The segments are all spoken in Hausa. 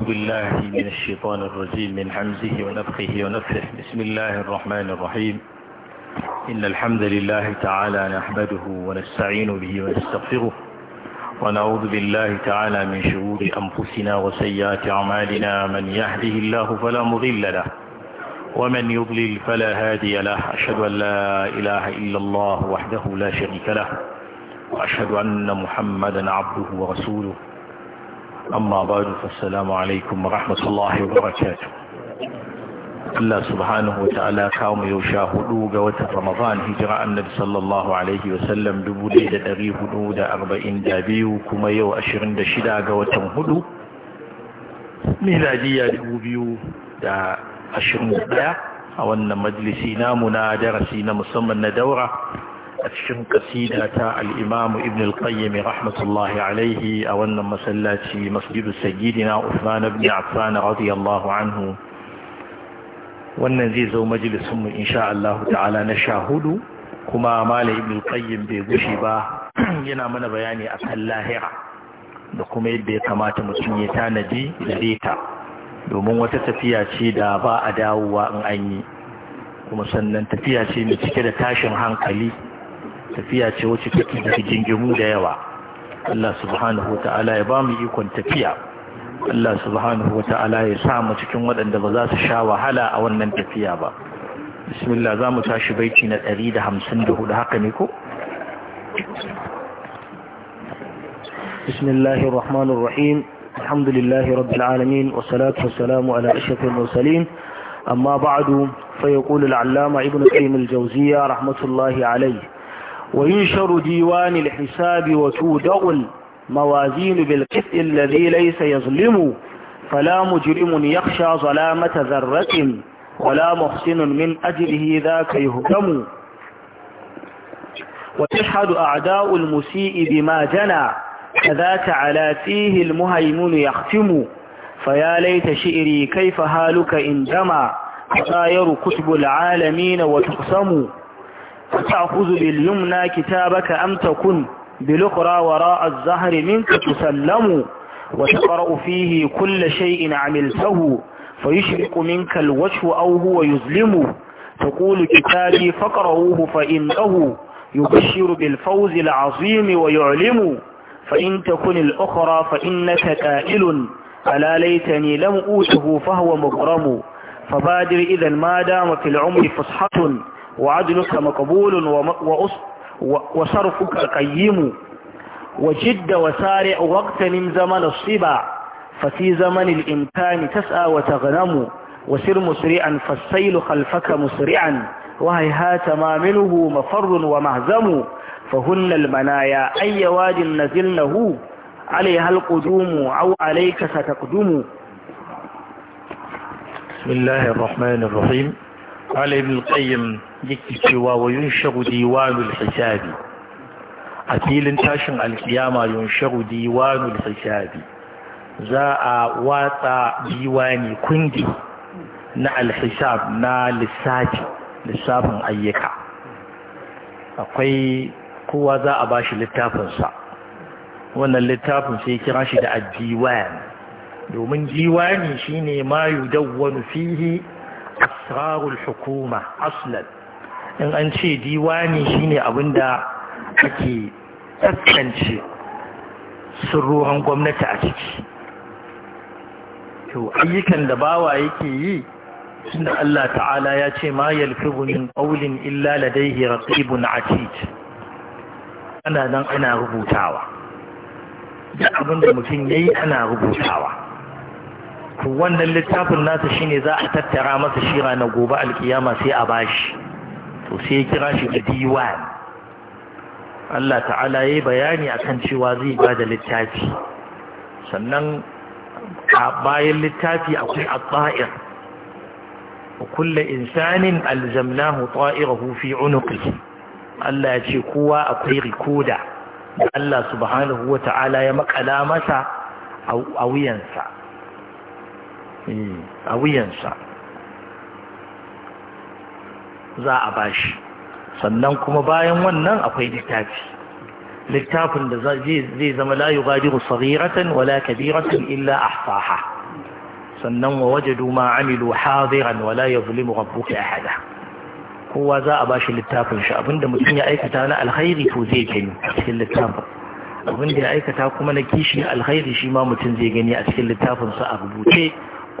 بالله من الشيطان الرجيم من حمزه ونفقه ونفخه بسم الله الرحمن الرحيم إن الحمد لله تعالى نحمده ونستعين به ونستغفره ونعوذ بالله تعالى من شرور أنفسنا وسيئات أعمالنا من يهده الله فلا مضل له ومن يضلل فلا هادي له أشهد أن لا إله إلا الله وحده لا شريك له وأشهد أن محمدا عبده ورسوله أما بعد فالسلام عليكم ورحمة الله وبركاته Allah subhanahu wa ta’ala kawo mai yaushe hudu ga watan Ramadan hijira annabi sallallahu Alaihi wasallam dubu ɗaya da ɗari hudu da arba'in da biyu kuma yau ashirin da shida ga watan hudu, miladiya dubu biyu da ashirin ɗaya a wannan majlisi. namu na darasi na musamman na daura a cikin kasida ta al'imamu ibn al-qayyami rahmatullahi alaihi a wannan masallaci masjidu sayyidina Uthman ibn Affan radiyallahu anhu wannan zai zo majalisun mu insha Allah ta'ala na sha hudu kuma malam ibn al-qayyim bai gushi ba yana mana bayani akan lahira da kuma yadda ya kamata mutum ya tanadi da leta, domin wata tafiya ce da ba a dawowa in an yi kuma sannan tafiya ce mai cike da tashin hankali tafiya ce wacce take da jingimu da yawa Allah subhanahu ta'ala ya ba mu ikon tafiya Allah subhanahu ta'ala ya sa mu cikin waɗanda ba za su sha wahala a wannan tafiya ba bismillah za mu tashi baiti na 154 haka ne ko بسم الله الرحمن الرحيم الحمد لله رب العالمين والصلاة والسلام على أشرف المرسلين أما بعد فيقول العلامة ابن قيم الجوزية رحمة الله عليه وينشر ديوان الحساب وتودع الموازين بالقسط الذي ليس يظلم فلا مجرم يخشى ظلامة ذرة ولا محسن من أجله ذاك يهدم وتشهد أعداء المسيء بما جنى كذاك على فيه المهيمن يختم فيا ليت شئري كيف هالك إن جمع تطاير كتب العالمين وتقسم وتأخذ باليمنى كتابك أم تكن بالأخرى وراء الزهر منك تسلم وتقرأ فيه كل شيء عملته فيشرق منك الوجه أو هو يظلم تقول كتابي فقرأوه فإنه يبشر بالفوز العظيم ويعلم فإن تكن الأخرى فإنك كائل ألا ليتني لم أوته فهو مغرم فبادر إذا ما دام في العمر فصحة وعدلك مقبول وصرفك قيم وجد وسارع من زمن الصبا ففي زمن الإمكان تسعى وتغنم وسر مسرعا فالسيل خلفك مسرعا وهيهات ما منه مفر ومهزم فهن المنايا أي واد نزلنه عليها القدوم أو عليك ستقدم بسم الله الرحمن الرحيم قال ابن القيم yake cewa wa yunsharu diwanul hisabi a filin tashin alkiyama yunsharu diwanul hisabi za a watsa diwani kundi na alhisab na lissafi lissafin ayyuka akwai kowa za a bashi littafinsa wannan littafin sai kira shi da addiwan domin diwani shine ma yudawwanu fihi asrarul hukuma aslan in an ce diwani shine abin da ake tsakance sirruhan gwamnati a ciki to ayyukan da bawa yake yi tunda Allah ta'ala ya ce ma yalfizu min qawlin illa ladayhi raqibun atid ana nan ana rubutawa da abin da mutum yi ana rubutawa to wannan littafin nasa shine za a tattara masa shira na gobe alkiyama sai a bashi to sai ya kira shi da diwan Allah ta'ala ya bayani akan cewa zai ba da littafi sannan bayan littafi akwai al-ta'ir kulle insanin alzamnahu ta'irahu fi unuqi Allah ya ce kowa akwai rikoda da Allah subhanahu wa ta'ala ya makala masa a wuyansa a wuyansa eh, za a bashi sannan kuma bayan wannan akwai littafi littafin da zai zama la yubadiru saghiratan wala kabiratan illa ahsaha sannan wa wajadu ma amilu hadiran wala yuzlimu rabbuka ahada kowa za a bashi littafin shi abinda mutum ya aikata na alkhairi to zai gani a cikin littafin abinda ya aikata kuma na kishi alkhairi shi ma mutum zai gani a cikin littafin sa a rubuce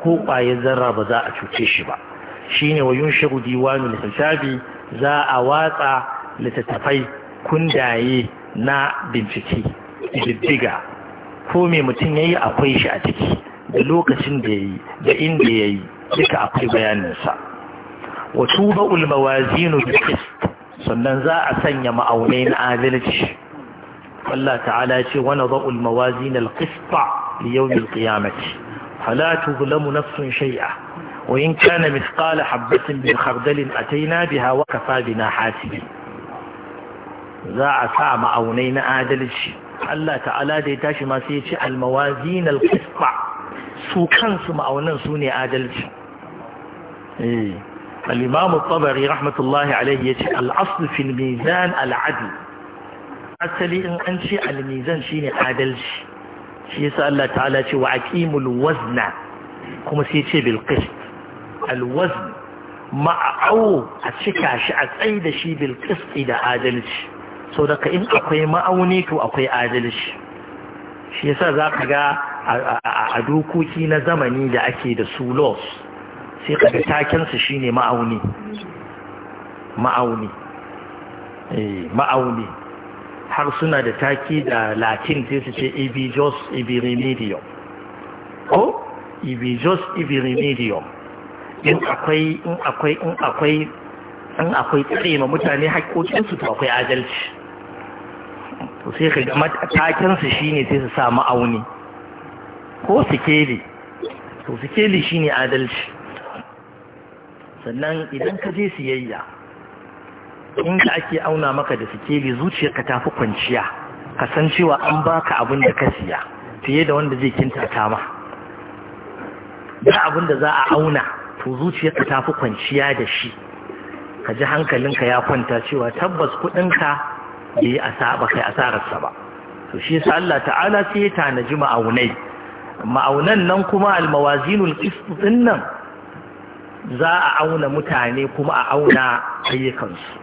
ko ƙwayar zarra ba za a cuce shi ba shine wa yunshiru diwanul hisabi za a watsa littattafai kundaye na bincike diddiga ko me mutum yayi akwai shi a ciki da lokacin da yayi da inda yayi duka akwai bayaninsa wa tuba'ul mawazinu bil sannan za a sanya ma'aunai na adalci Allah ta'ala ce wani ba'ul mawazin al-qista li yawmil qiyamati fala tuzlamu nafsun shay'a وإن كان مثقال حبة من خردل أتينا بها وكفى بنا حاسبين za sa ma'aunai na adalci Allah ta'ala da ya tashi masu ya ce almawazin alkisba su kansu ma'aunan su ne adalci al'imamu tsabari rahmatullahi alaihi ya ce al'asu fil mizan al'adu asali in an ce al-mizan adalci shi yasa Allah ta'ala ce wa aqimul wazna kuma ce Alwaz ma'au a cika shi a tsayi da shi bil da adalci sau daga in akwai ma'auni to akwai adalci shi yasa za ka ga a dokoki na zamani da ake da su Los sai ka ga takensu shine ma'auni ma'auni eh, ma'auni har suna da taki da latin sai su ce ibijos ibirimidium ko in akwai in akwai in akwai in akwai tsare ma mutane haƙƙoƙinsu to akwai adalci to sai ka ga matakinsu shine sai su sa ma'auni ko sikeli to sikeli shine adalci sannan idan ka je siyayya inda ake auna maka da sikeli zuciyarka ta fi kwanciya ka san cewa an baka abin da ka siya fiye da wanda zai kinta ma da abin da za a auna to zuciyarka ta fi kwanciya da shi ka ji hankalinka ya kwanta cewa tabbas kuɗinka da yi asaba kai asararsa ba to shi yasa Allah ta'ala sai ya tanaji ma'aunai ma'aunan nan kuma almawazinul qist din nan za a auna mutane kuma a auna ayyukansu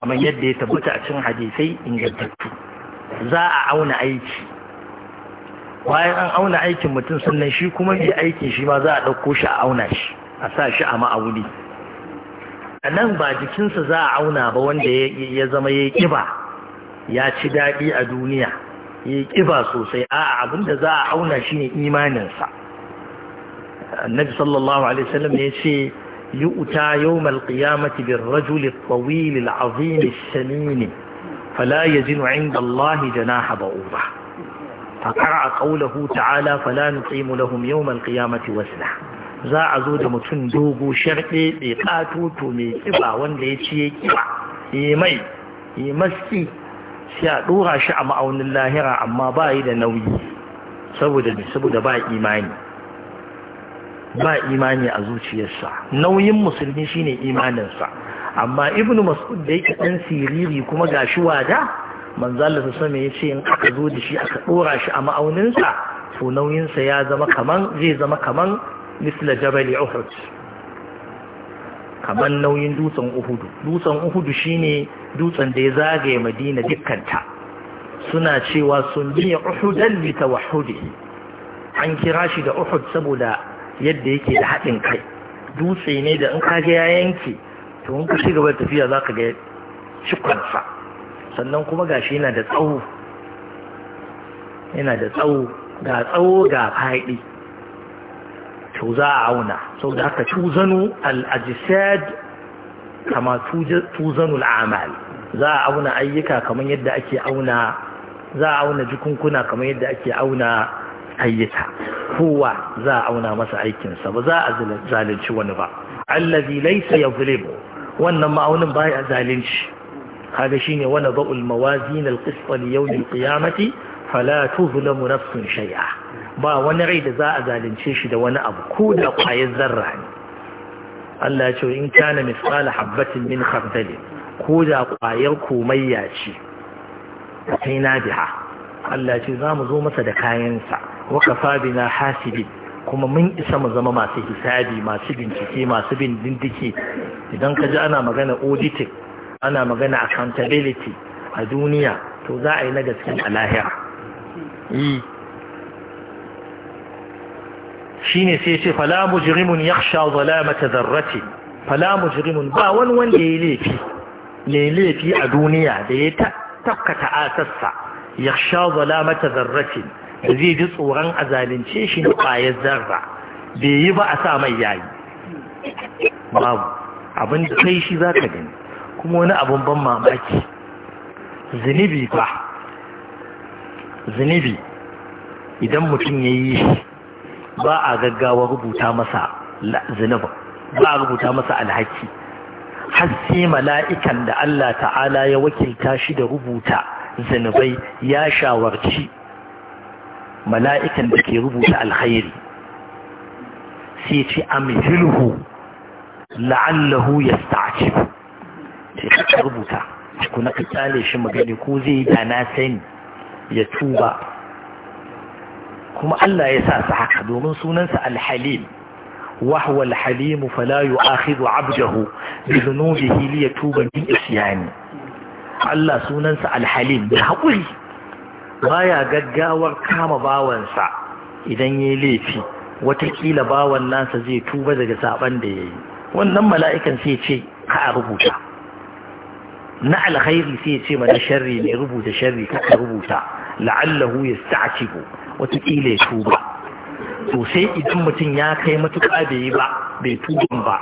kamar yadda ya tabbata a cikin hadisai ingantattu za a auna aiki bayan an auna aikin mutum sannan shi kuma bai aikin shi ma za a ɗauko shi a auna shi a sa shi a ma'auni a nan ba jikinsa za a auna ba wanda ya zama ya ƙiba ya ci daɗi a duniya ya ƙiba sosai a abinda za a auna shi ne imaninsa annabi sallallahu alaihi wasallam ya ce yi uta yau qiyamati bir rajuli tawil al azim al samin fala yazinu inda allah janaha ba'uba fa qara qawluhu ta'ala fala nuqimu lahum yawm al qiyamati wasna za a zo da mutum dogo sharɗe ɗe ƙatoto mai ƙiba wanda ya ciye ƙiba ya mai ya maski sai a ɗora shi a ma'aunin lahira amma ba yi da nauyi saboda saboda ba imani ba imani a zuciyarsa nauyin musulmi shine imaninsa amma ibn mas'ud da yake ɗan siriri kuma ga shi wada manzala su same ya ce in aka zo da shi aka ɗora shi a ma'auninsa to nauyinsa ya zama kaman zai zama kaman misla jabali uhud kamar nauyin dutsen uhudu dutsen uhudu shine dutsen da ya zagaye madina dukkanta suna cewa sun biya uhudan li an kira shi da uhud saboda yadda yake da haɗin kai dutse ne da in ka ga ya yanke to in ka ci gaba tafiya za ka ga cikwansa sannan kuma gashi da tsawo yana da tsawo ga tsawo ga faɗi to za a auna saboda haka tuzanu al-ajsad kama tuzanu al-amal za a auna ayyuka kamar yadda ake auna za a auna jikunkuna kamar yadda ake auna ayyuka kowa za a auna masa aikinsa ba za a zalunci wani ba allazi laysa yuzlimu wannan ma'aunin baya zalunci هذا شيء ونضع الموازين القسط ليوم القيامة فلا تظلم نفس شيئا ba wani rai da za a zalunce shi da wani abu ko da kwayar zarra ne Allah ya ce in kana misqal habbatin min khardal ko da kwayar komayya ce sai na biha Allah ya ce za mu zo masa da kayansa wa kafa bina hasibin kuma mun isa mu zama masu hisabi masu bincike masu bin dindike idan ka ji ana magana auditing ana magana accountability a duniya to za a yi na gaskiya a lahira hmm. shine sai ce fala mujrimun yakhsha zalama tadarrati fala mujrimun ba wani wanda yayi laifi ne laifi a duniya da ya tafka ta'asassa yakhsha zalama tadarrati da zai ji tsoron azalince shi na kwayar zarra bai yi ba a sa mai yayi babu abin da kai shi zaka gani kuma wani abin ban mamaki zinubi ba zinibi. idan mutum ya yi shi ba a gaggawa rubuta masa ba a rubuta masa alhaki hassi mala'ikan da Allah ta'ala ya wakilta shi da rubuta zunubai ya shawarci mala'ikan da ke rubuta alkhairi sai ce amhilhu la'allahu ya sta'aci ka rubuta kuna ka tsale shi magani ko zai da na sani ya tuba kuma Allah ya sa su haka domin sunansa alhalim wahwa halimu Falayu, yu akhidu abdahu bi dhunubihi li yatuba min isyani Allah sunansa alhalim bil haquri baya gaggawar kama bawansa idan yayi laifi watakila bawan nasa zai tuba daga saban da yayi wannan mala'ikan sai ce ka rubuta na alkhairi sai ce ma na sharri ne rubuta sharri ka rubuta la'allahu yasta'tibu watakila ya tuba to sai idan mutum ya kai matuƙa bai yi ba bai tuban ba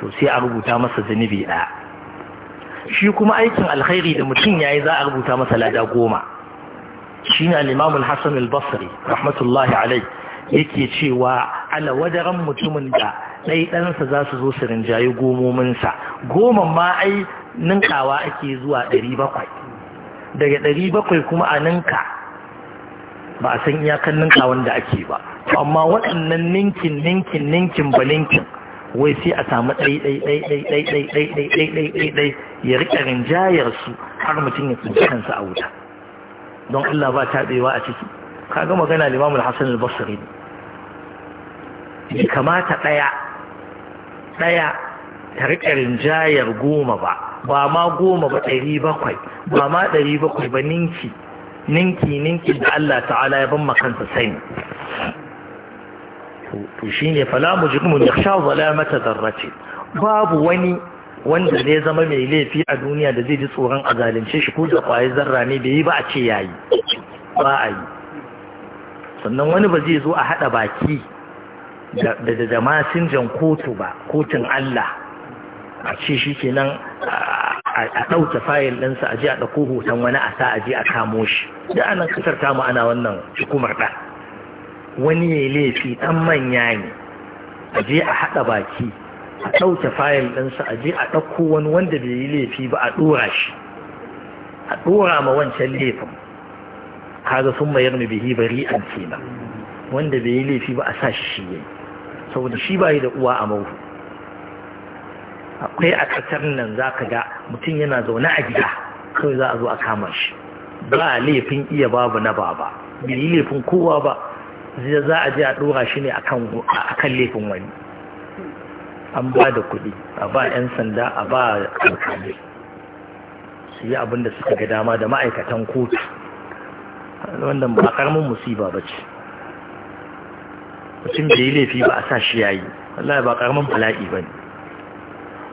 to sai a rubuta masa zunubi ɗaya shi kuma aikin alkhairi da mutum ya yi za a rubuta masa lada goma shi ne al'imamul hassan al-basri rahmatullahi alai yake cewa ala wadaran mutumin da ɗai ɗansa za su zo su rinjaye gomominsa goma ma ai ninkawa ake zuwa ɗari bakwai daga ɗari bakwai kuma a ninka ba a san iyakan ninka da ake ba amma waɗannan ninkin ninkin ninkin ba ninkin wai sai a samu ɗai ɗai ɗai ɗai ɗai ɗai ɗai ɗai ɗai ɗai ɗai ɗai ya riƙa rinjayar su har mutum ya tsinci kansa a wuta don Allah ba ta ɗewa a ciki ka ga magana limamul hasan al-basri ne kamata ɗaya ɗaya ta riƙa rinjayar goma ba ba ma goma ba ɗari bakwai ba ma ɗari bakwai ba ninki ninki ninki da Allah ta'ala ya ban kansa sani to shine fala mujrimun yakhsha zalamata dharrati babu wani wanda zai zama mai laifi a duniya da zai ji tsoron azalince shi ko da kwaye zarra ne bai yi ba a ce yayi ba a yi sannan wani ba zai zo a haɗa baki da da masinjan kotu ba kotun Allah a ce shi kenan a ɗauke fayil ɗinsa a je a ɗauko hoton wani a sa a je a kamo shi da ana kasar ta ana wannan hukumar ɗa wani ya yi laifi ɗan manya ne a je a haɗa baki a ɗauke fayil ɗinsa a je a ɗauko wani wanda bai yi laifi ba a ɗora shi a ɗora ma wancan laifin kaga sun mayar mu bihi bari an ce ba wanda bai yi laifi ba a sa shi shi yayi saboda shi ba yi da uwa a mahu akwai a ƙasar nan za ka ga mutum yana zaune a gida kawai za a zo a kama shi ba a laifin iya babu na baba bai yi laifin kowa ba za a je a ɗora shi ne akan laifin wani an ba da kuɗi a ba 'yan sanda a ba alƙalai su yi abin da suka ga dama da ma'aikatan kotu wanda ba karamin musiba ba ce mutum da yi laifi ba a sa shi yayi wallahi ba karamin bala'i ba ne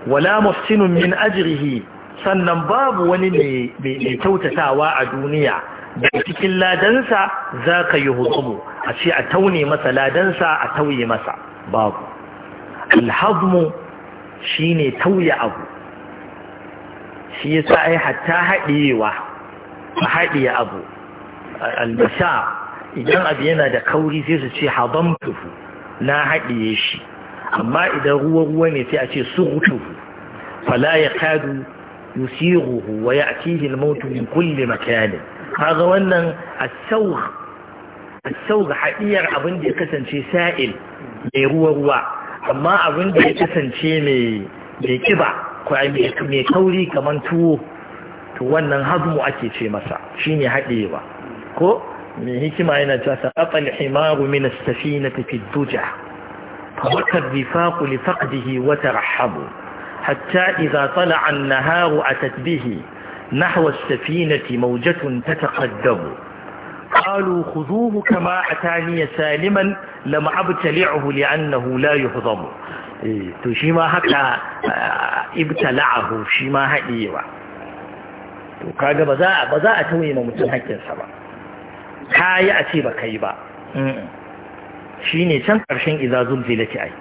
wala muhsinun min ajrihi sannan babu wani mai kyautatawa a duniya daga cikin ladansa za ka yi hutubu a ce a taune masa ladansa a tauye masa babu alhazmu shi ne tauye abu shi ya sa ai hatta haɗewa a haɗe abu albasa idan abu yana da kauri sai su ce tufu. na haɗiye shi amma idan ruwa-ruwa ne sai a ce surutuhu fala ya kadu yusiruhu wa ya'tihi al-maut min kulli makan kaga wannan as-sawg as-sawg hadiyar abin da ya kasance sa'il mai ruwa ruwa amma abinda ya kasance mai kiba ko mai kauri kamar tuwo to wannan hazmu ake ce masa shine hadewa ko mai hikima yana cewa saqata al-himaru min as-safinati fi ad-duja fa rifaqu li حتى إذا طلع النهار أتت به نحو السفينة موجة تتقدم قالوا خذوه كما أتاني سالما لم أبتلعه لأنه لا يهضم to shi ma haka ibtala'ahu shi ma to kaga ba za ba za a tauye ma mutum haƙƙinsa ba kayi a ce ba kai ba shine can ƙarshen idza zulzilati ai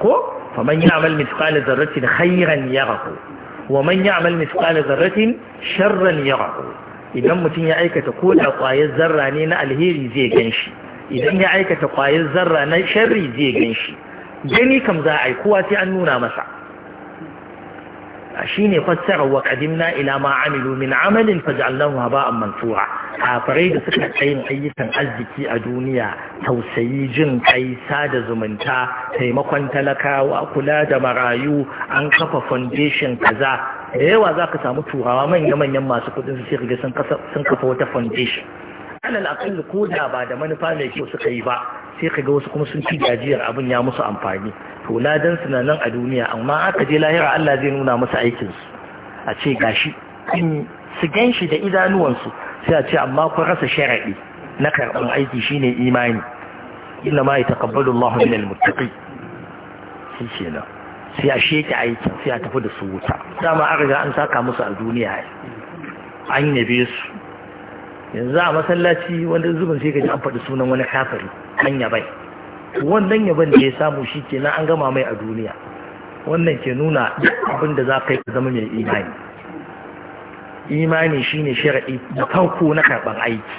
ko faman ya'mal mithqala dharratin khayran yarahu wa man ya'mal mithqala dharratin sharran yarahu idan mutum ya aikata ko da ƙwayar zarra ne na alheri zai gan shi idan ya aikata ƙwayar zarra na sharri zai gan shi gani kam za a yi kowa sai an nuna masa shine fassarar wa qadimna ila ma amilu min amalin faj'alnahu haba'an mansura kafirai da suka tsayin ayyukan arziki a duniya tausayi jin kai sada zumunta taimakon talakawa kula da marayu an kafa foundation kaza da yawa za ka samu turawa manya-manyan masu kudin su sun kafa wata foundation alal akal ko da ba da manufa mai kyau suka yi ba sai ka ga wasu kuma sun ci gajiyar abin ya musu amfani to ladan suna nan a duniya amma aka je lahira Allah zai nuna musu aikin su a ce gashi su gan shi da idanuwansu sai a ce amma kun rasa sharaɗi na karɓar aiki shine imani inna ma yataqabbalu Allahu al-muttaqi shi kenan sai a sheke aikin sai a tafi da su wuta dama an riga an saka musu a duniya an yabe su yanzu a masallaci wanda zubin sai gaji an faɗi sunan wani kafiri an yabai wannan yaban da ya samu shi ke kenan an gama mai a duniya wannan ke nuna abin da za ka yi zama mai imani imani shine shari'i da farko na karɓar aiki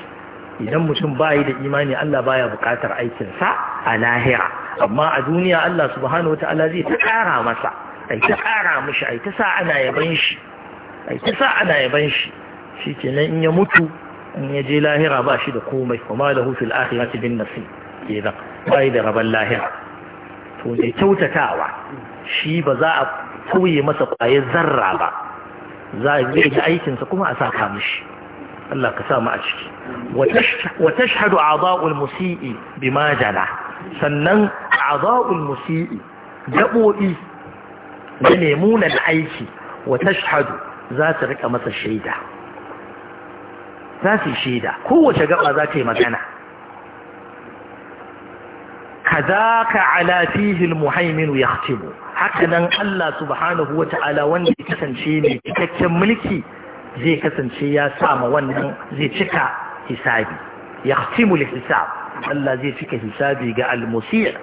idan mutum ba yi da imani Allah baya buƙatar aikinsa a lahira amma a duniya Allah subhanahu ta'ala zai ta ƙara masa ai ta ƙara mishi ai ta sa ana yaban shi ai ta sa ana yaban shi shikenan in ya mutu in ya je lahira ba shi da komai kuma da hufil akhirati bin nasi ke da bai da rabon lahira to mai kyautatawa shi ba za a tauye masa kwaye zarra ba za a yi da aikinsa kuma a saka mishi Allah ka sa mu a ciki wa tashhadu a'dha'ul musii bima jala sannan a'dha'ul musii gabobi da nemunan aiki wa tashhadu za ta rika masa shaida za su shaida kowace gaba za ta yi magana كذاك على فيه المهيمن يختم هكذا الله سبحانه وتعالى wanda ya kasance mai cikakken mulki zai kasance ya sama wannan zai cika hisabi yahtimul hisab Allah zai cika hisabi ga al-musir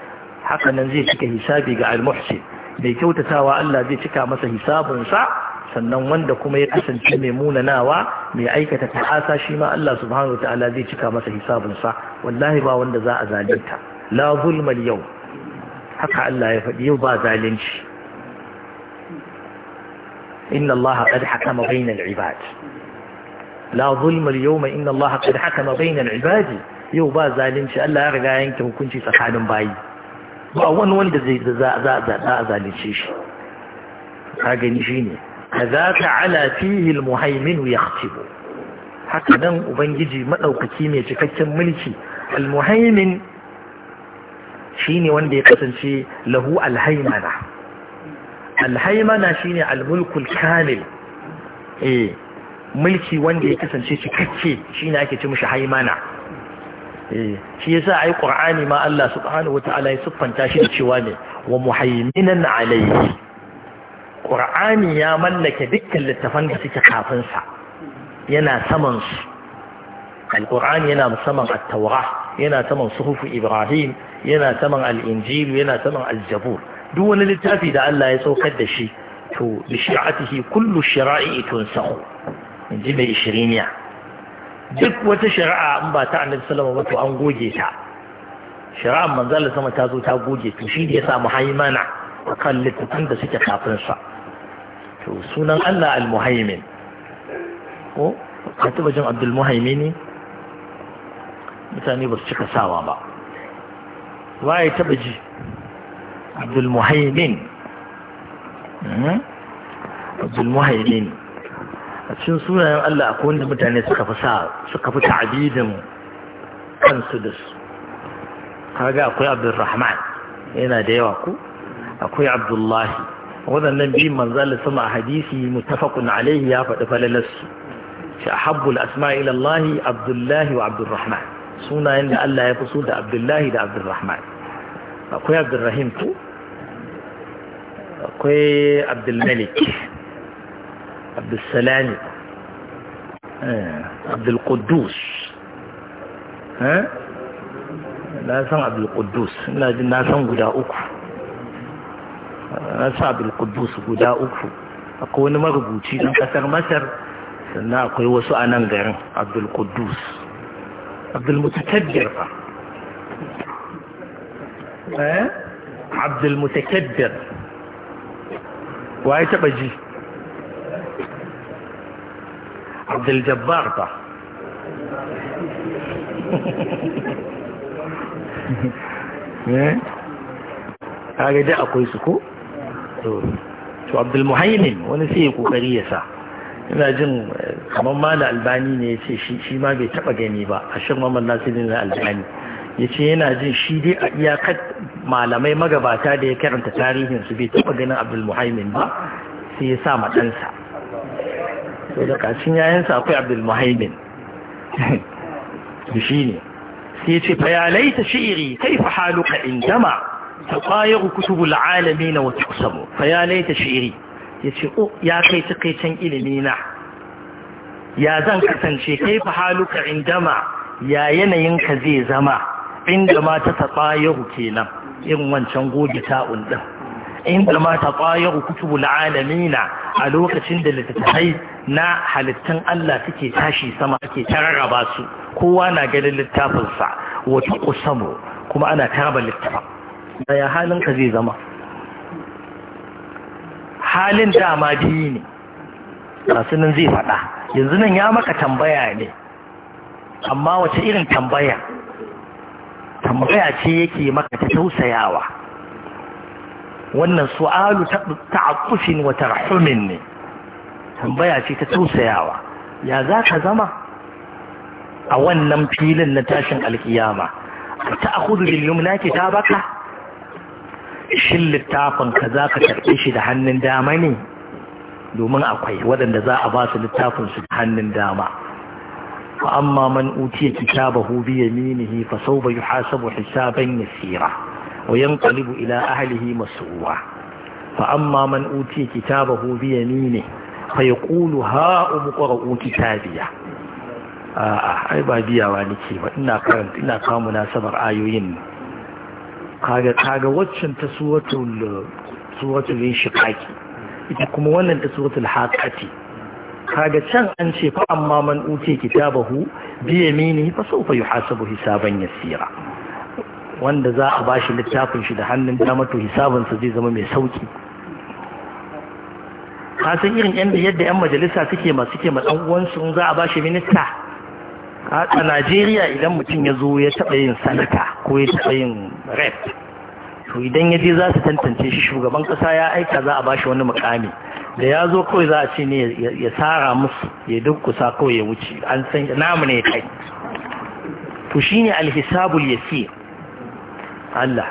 zai cika hisabi ga al mai kyautatawa Allah zai cika masa hisabunsa sannan wanda kuma ya kasance mai munanawa mai aikata ta'asa shi ma Allah subhanahu ta'ala zai cika masa hisabinsa wallahi ba wanda za a zalunta la zulmal yau haka Allah ya faɗi yau ba zalunci inna Allah qad hakama bainal ibad la zulmal yawma inna Allah qad hakama bainal ibad yau ba zalunci Allah ya riga yanke hukunci tsakanin bayi ba wani wanda zai za a zalunce shi ka gani shine كذاك على فيه المهيمن يختب haka nan ubangiji maɗaukaki mai cikakken mulki almuhaimin shine wanda ya kasance lahu alhaimana alhaimana shine almulkul kamil eh mulki wanda ya kasance cikakke shine ake ce shi haimana eh shi yasa ai qur'ani ma Allah subhanahu wataala ya siffanta shi da cewa ne wa muhaiminan alayhi alƙur'ani ya mallake dukkan littafan da suke kafinsa yana samansu. al alƙur'ani yana musamman attaura yana saman suhufu ibrahim yana saman al'injilu yana saman Al-Jabur. duk wani littafi da Allah ya saukar da shi to bi shi'atihi kullu shira'i tunsahu in ji mai ishiriniya duk wata shari'a in ba ta annabi salama ba to an goge ta shari'ar manzala sama ta zo ta goge to shi da ya samu haimana kan littattafan da suke kafin sa to sunan Allah al-muhaimin ko ka taba jin abdul muhaymini mutane ba su cika sawa ba waye taba ji abdul muhaimin hmm? abdul muhaimin a cikin sunayen Allah akwai wanda mutane suka fi sa suka fi ta'abidin kansu da su kaga akwai abdul rahman yana da yawa ku akwai abdullahi waɗannan biyun manzal sama hadisi mutafakun alaihi ya faɗi falalarsu shi a habbul asma'il Allah abdullahi wa abdurrahman sunayen da Allah ya fi so da abdullahi da abdurrahman akwai abdurrahim ko akwai abdul abdul abdulmalik abdulsalami eh, abdulkudus eh? na san abdul abdulkudus na san guda uku an sa bilkudus guda uku akwai wani marubuci ɗan ƙasar masar sannan akwai wasu a nan garin abdulkudus abdulmutakaddar ba eh abdulmutakaddar wa ya taɓa ji abdul-jabbar ba eh kare da akwai su ko to abdulmuhaimin wani sai ya kokari ya sa ina jin eh, kamar mala albani ne ya ce shi ma bai taba gani ba a shirin mamman na albani ya ce yana jin shi dai a iyakar malamai magabata da ya karanta tarihin su bai taba ganin abdulmuhaimin ba sai ya sa matansa sai da kacin yayansa akwai abdulmuhaimin shi ne sai ya ce fa ta laita shi'iri kai fa haluka dama. taƙayar kutubul alami na wata kusamu fayalai ta shiri ya ce o ya kai takaitan ilimi na ya zan kasance kai fi haluka indama ya yanayin ka zai zama inda mata taƙayar ke nan irin wancan goge ta undin inda mata ƙayar kutubul alami na a lokacin da littattafai na halittan Allah suke tashi sama ake rarraba su kowa na ganin littafinsa wata kuma ana tarba littafin ya halinka zai zama halin dama biyu ne masu nan zai faɗa yanzu nan ya maka tambaya ne amma wace irin tambaya tambaya ce yake maka ta tausayawa wannan su'alu ta'aqqufin wa tarhumin ne tambaya ce ta tausayawa ya za ka zama a wannan filin na tashin alkiyama ta akhudhu bil yumna kitabaka shin littafin ka za ka karɓe shi da hannun dama ne domin akwai waɗanda za a ba su littafin su da hannun dama fa amma man utiya kitabahu bi yaminihi fa sawfa yuhasabu hisaban yasira wa yanqalibu ila ahlihi masrura fa amma man utiya kitabahu bi yaminihi fa yaqulu ha umqra'u kitabiya a'a ai ba biyawa nake ba ina karanta ina kawo munasabar ayoyin ne kaga waccan ta suratul suratul ita kuma wannan ta suratul haqati kaga can an ce fa amma man uti kitabahu bi mini fa sawfa yuhasabu hisaban yasira wanda za a bashi littafin shi da hannun da to hisabin sa zai zama mai sauki Kasan irin yanda yadda yan majalisa suke ma suke ma dan uwan su za a bashi minista a Najeriya idan mutum ya zo ya taɓa yin sanata ko ya taɓa yin rep to idan ya je za su tantance shi shugaban kasa ya aika za a bashi wani mukami da ya zo kawai za a ce ne ya tsara musu ya dukkusa kawai ya wuce an san namu ne kai to shine alhisabul yasi Allah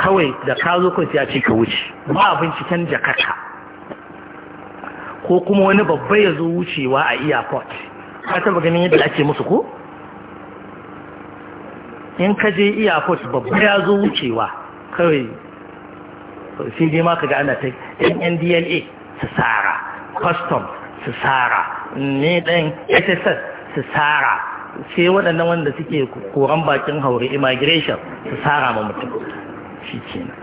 kawai da ka zo kawai sai ce ka wuce ba binciken jakarka ko kuma wani babba ya zo wucewa a airport ka taba ganin yadda ake musu ko in ka je airport babba ya zo wucewa kawai sai dai ma ka ga ana ta yan ndla su tsara custom su tsara ne ɗan sss su tsara sai waɗannan wanda suke koran bakin haure immigration su tsara ma mutum shi kenan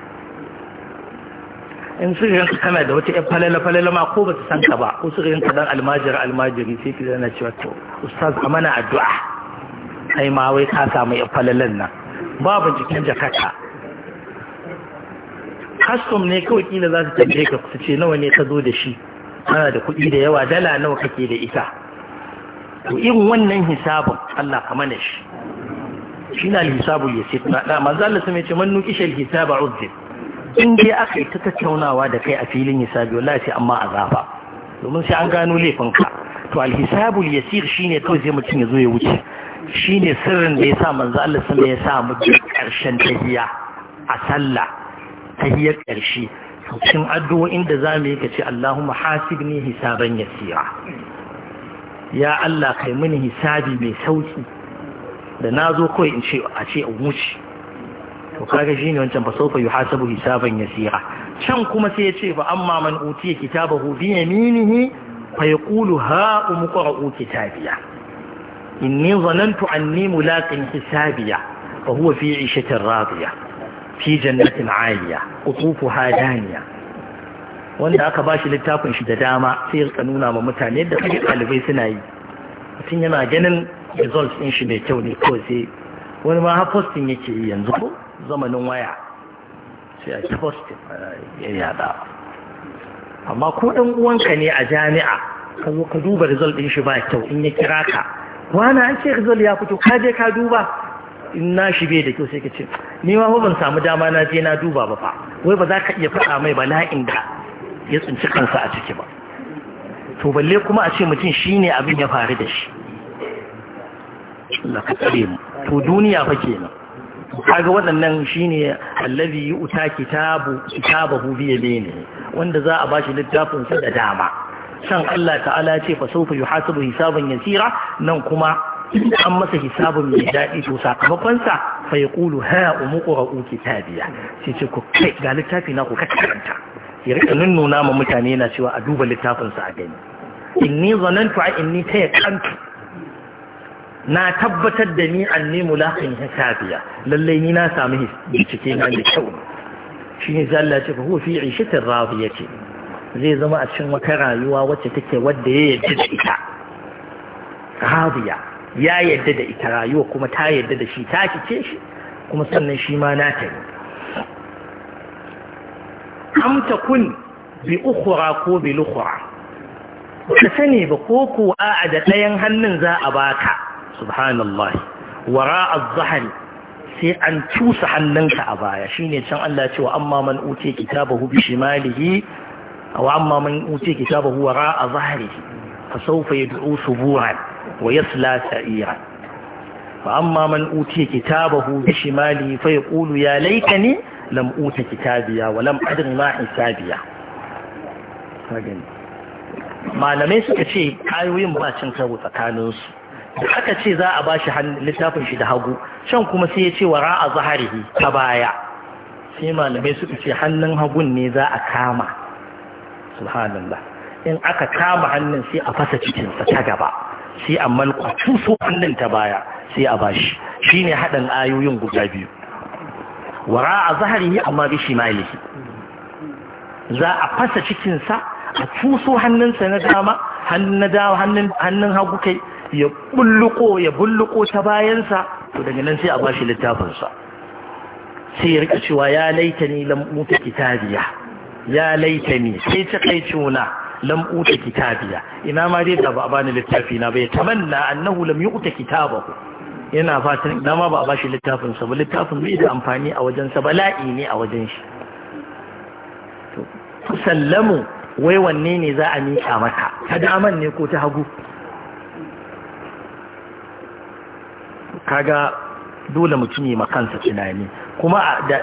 in su ganka kana da wata 'yan falala-falala ma ko ba su san ka ba ko su ganka dan almajiri almajiri sai ki zana cewa to ustaz amana addu'a kai ma wai ka samu ya falalan nan babu jikin jakaka custom ne kawai kila za su tambaye ka su ce nawa ne ka zo da shi Kana da kuɗi da yawa dala nawa kake da ita to irin wannan hisabu Allah ka mana shi shi na hisabu ya ce tuna dama Allah sami ce man nuki shal hisaba uzzin in dai aka yi ta tattaunawa da kai a filin hisabi wallahi sai amma azaba domin sai an gano laifinka to alhisabul yasir shine kawai zai mutum ya zo ya wuce Shi ne sirrin da ya sa manzo Allah sun ya sa mu ƙarshen tahiyya a sallah tahiyyar karshe cikin addu'o'in da zamu yi kace Allahumma hasibni hisaban yasira ya Allah kai mini hisabi mai sauki da nazo kawai in ce a ce a wuce to kaga shine wancan fa yuhasabu hisaban yasira can kuma sai ya ce fa amma man utiya kitabahu bi yaminihi fa yaqulu ha umqra'u kitabiya inni zanantu anni mulaqin hisabiya fa huwa fi 'ishatin radiya fi jannatin 'aliya qutufuha wanda aka bashi littafin shi da dama sai ya nuna ma mutane da kake ɗalibai suna yi mutum yana ganin results ɗin shi mai kyau ne ko sai wani ma posting yake yi yanzu ko zamanin waya sai a ta yada amma ko ɗan uwanka ne a jami'a ka zo ka duba result ɗin shi ba kyau in ya kira ka wani an ce rizal ya fito kaje ka duba in na shi bai da kyau sai ka ce ni ma ban samu dama na je na duba ba fa wai ba za ka iya faɗa mai bala'in da ya tsinci kansa a ciki ba to balle kuma a ce mutum shine abin ya faru da shi Allah ka tsare mu to duniya fa kenan kaga waɗannan shine allazi yu'ta kitabu kitabahu bi yamini wanda za a bashi littafin sa da dama can Allah ta'ala ce fa sawfa yuhasabu hisaban yasira nan kuma an masa hisabun mai daɗi to sakamakonsa fa a ha umqra'u kitabiya sai ce ku kai ga littafi na ku karanta ya rika nunnuna ma mutane yana cewa a duba littafinsa a gani in inni zanantu a in ni ta kantu na tabbatar da ni an nemi laƙin hisabiya lallai ni na sami bincike na da kyau shi ne zalla ce fa huwa fi ya ce. zai zama a cikin wata rayuwa wacce take wadda ya yadda da ita radiya ya yadda da ita rayuwa kuma ta yadda da shi ta kice shi kuma sannan shi ma nata yi. am kun bi ukhra ko bi lukhra ka sani ba ko kuwa a da ɗayan hannun za a baka subhanallah wara az-zahr sai an cusa hannunka a baya shine can Allah ce wa amma man uce kitabahu bi shimalihi أو أما من أوتي كتابه وراء ظهره فسوف يدعو ثبورا ويصلى سعيرا فأما من أوتي كتابه بشماله فيقول يا ليتني لم أوت كتابيا ولم أدر ما حسابيا malamai suka ce ayoyin ba cin karo tsakaninsu da aka ce za a bashi littafin shi da hagu can kuma sai ya ce wa ra'a zaharihi ta baya sai malamai suka ce hannun hagun ne za a kama subhanallah in aka kama hannun sai a fasa cikinsa ta gaba sai a malkwa cuso hannun ta baya sai a bashi shine haɗin ayoyin guda biyu wara a zahari amma bishi malihi za a fasa cikinsa a cuso hannunsa na dama hannun hagu kai ya bulluko ya bulluko ta bayansa to daga nan sai a bashi littafinsa sai ya rika cewa ya laita ni lam mutu kitabiya ya laita ne sai ta kai cuna lam uta kitabiya ina ma dai da ba a bani littafi na bai tamanna annahu lam yuta kitabahu yana fatan ina ma ba a bashi littafin sa ba littafin bai da amfani a wajen sa bala'i ne a wajen shi to sallamu wai wanne ne za a miƙa maka ta daman ne ko ta hagu kaga dole mutum yi makansa tunani kuma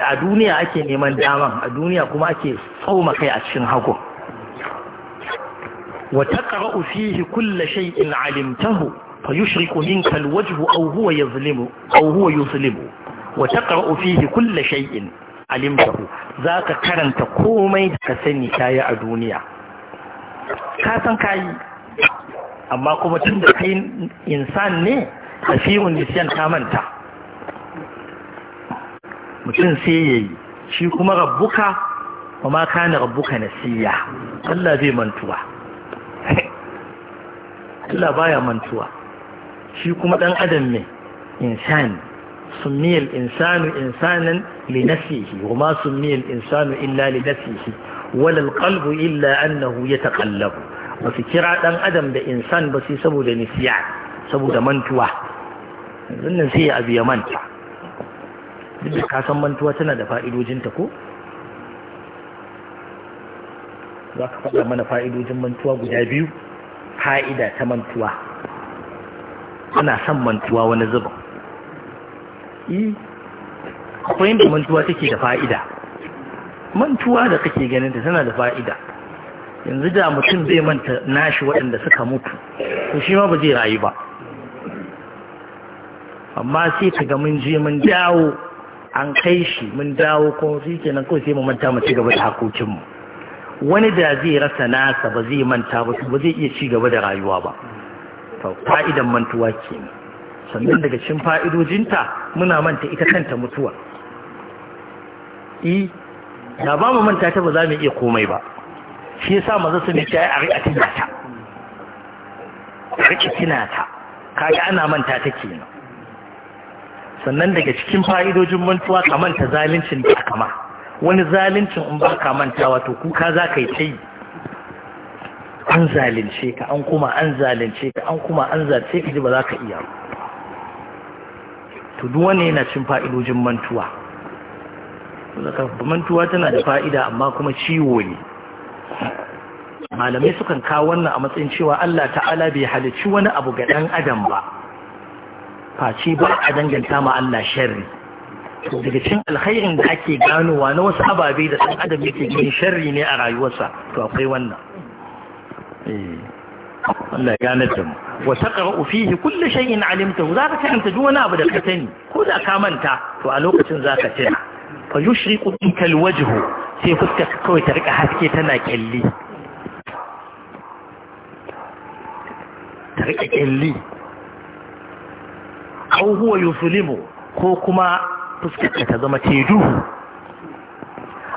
a duniya ake neman daman a duniya kuma ake tsoma a cikin hako wa taqra fihi kulli shay'in alimtahu fa yushriku minka alwajhu aw huwa yuzlimu aw huwa yuzlimu wa taqra fihi kulli shay'in alimtahu zaka karanta komai da ka sani kai a duniya ka san kai amma kuma tunda kai insan ne kafirun nisyan ta manta mutum sai ya yi shi kuma rabbuka ba ma ka ni rabbuka na siya Allah zai mantuwa Allah baya mantuwa shi kuma ɗan adam ne insan sumiyar insanu insanin linasihi wa ma sumiyar insanu illa linasihi walal kalbu illa annahu ya taƙallabu ba su kira ɗan adam da insan ba su saboda nisiya saboda mantuwa sannan sai ya abu ya manta duk da kasan mantuwa tana da fa'idojinta ko za ka faɗa mana fa'idojin mantuwa guda biyu fa'ida ta mantuwa ana son mantuwa wani zuba akwai da mantuwa take da fa'ida mantuwa da kake ganin ta tana da fa'ida yanzu da mutum zai manta nashi waɗanda suka mutu to shi ma ba zai rayu ba amma sai ka ga mun je mun dawo an kai shi mun dawo kuma shi kenan kawai sai mu manta mu ci gaba da hakokinmu wani da zai rasa nasa ba zai manta ba ba zai iya ci gaba da rayuwa ba to fa'idan mantuwa ne sannan daga cikin fa'idojinta muna manta ita kanta mutuwa eh da ba mu manta ta ba za mu iya komai ba shi yasa maza su ne ta a riƙa ta riƙa tina ta kaga ana manta ta kenan sannan daga cikin fa'idojin mantuwa ka manta zalincin da aka ma wani zalincin in ba ka manta wato kuka za ka yi ta yi an zalince ka an kuma an zalince ka an kuma an zalince ka ji ba za ka iya to duwa ne yana cin fa'idojin mantuwa mantuwa tana da fa'ida amma kuma ciwo ne malamai sukan kawo wannan a matsayin cewa Allah ta'ala bai halicci wani abu ga ɗan adam ba Faci ba a danganta ma Allah sharri to daga cikin alkhairin da ake ganowa na wasu ababe da ɗan adam yake gani sharri ne a rayuwarsa to akwai wannan eh, Allah ya gane da mu wa taqra'u fihi kullu shay'in alimtahu zaka karanta duk wani abu da ka sani ko da ka manta to a lokacin za zaka tuna fa yushriqu bika alwajh sai fuskar kawai ta rika haske tana kyalli ta rika kyalli au huwa yuzulimu ko kuma fuskata ta zama teju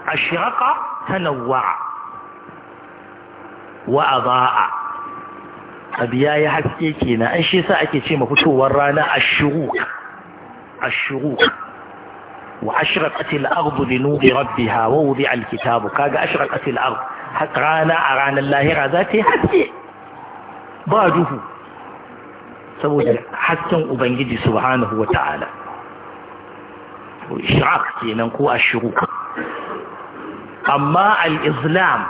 a shiraka tanawa wa a ba'a ya haske kenan. na an shi sa ake ce mafitowar rana a shiruk a shiruk wa ashirar ƙasil arbu da nuri rabbi hawa wuri alkitabu kaga ashirar ƙasil arbu rana a ranar lahira za ta yi haske ba duhu saboda hasken ubangiji subhanahu wa ta'ala ishraq kenan ko ashiru, amma al-islam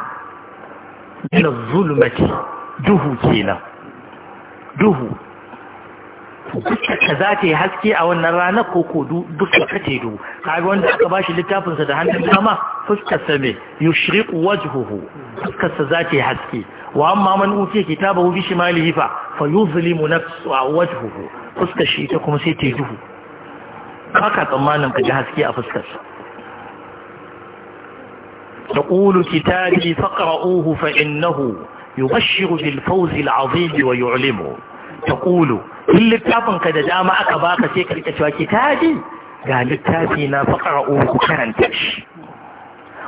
na az-zulmati duhu kenan duhu dukkanka za ta yi haske a wannan rana ko ko dukkanka ta duhu kaga wanda aka bashi littafinsa da hannun dama fuskarsa mai yushriq wajhuhu fuskarsa za ta yi haske wa amma man uke kitabahu bi shimalihi fa fa yuzlimu nafsu wajhuhu fuskar shi ita kuma sai ta yi duhu kaka tsammanin ka ji haske a fuskarsa تقول كتابي فاقرؤوه فإنه يبشر بالفوز العظيم ويعلمه Ta taqulu in littafin ka da dama aka baka sai ka rika cewa kitabi ga littafi na faqra'u uku karanta shi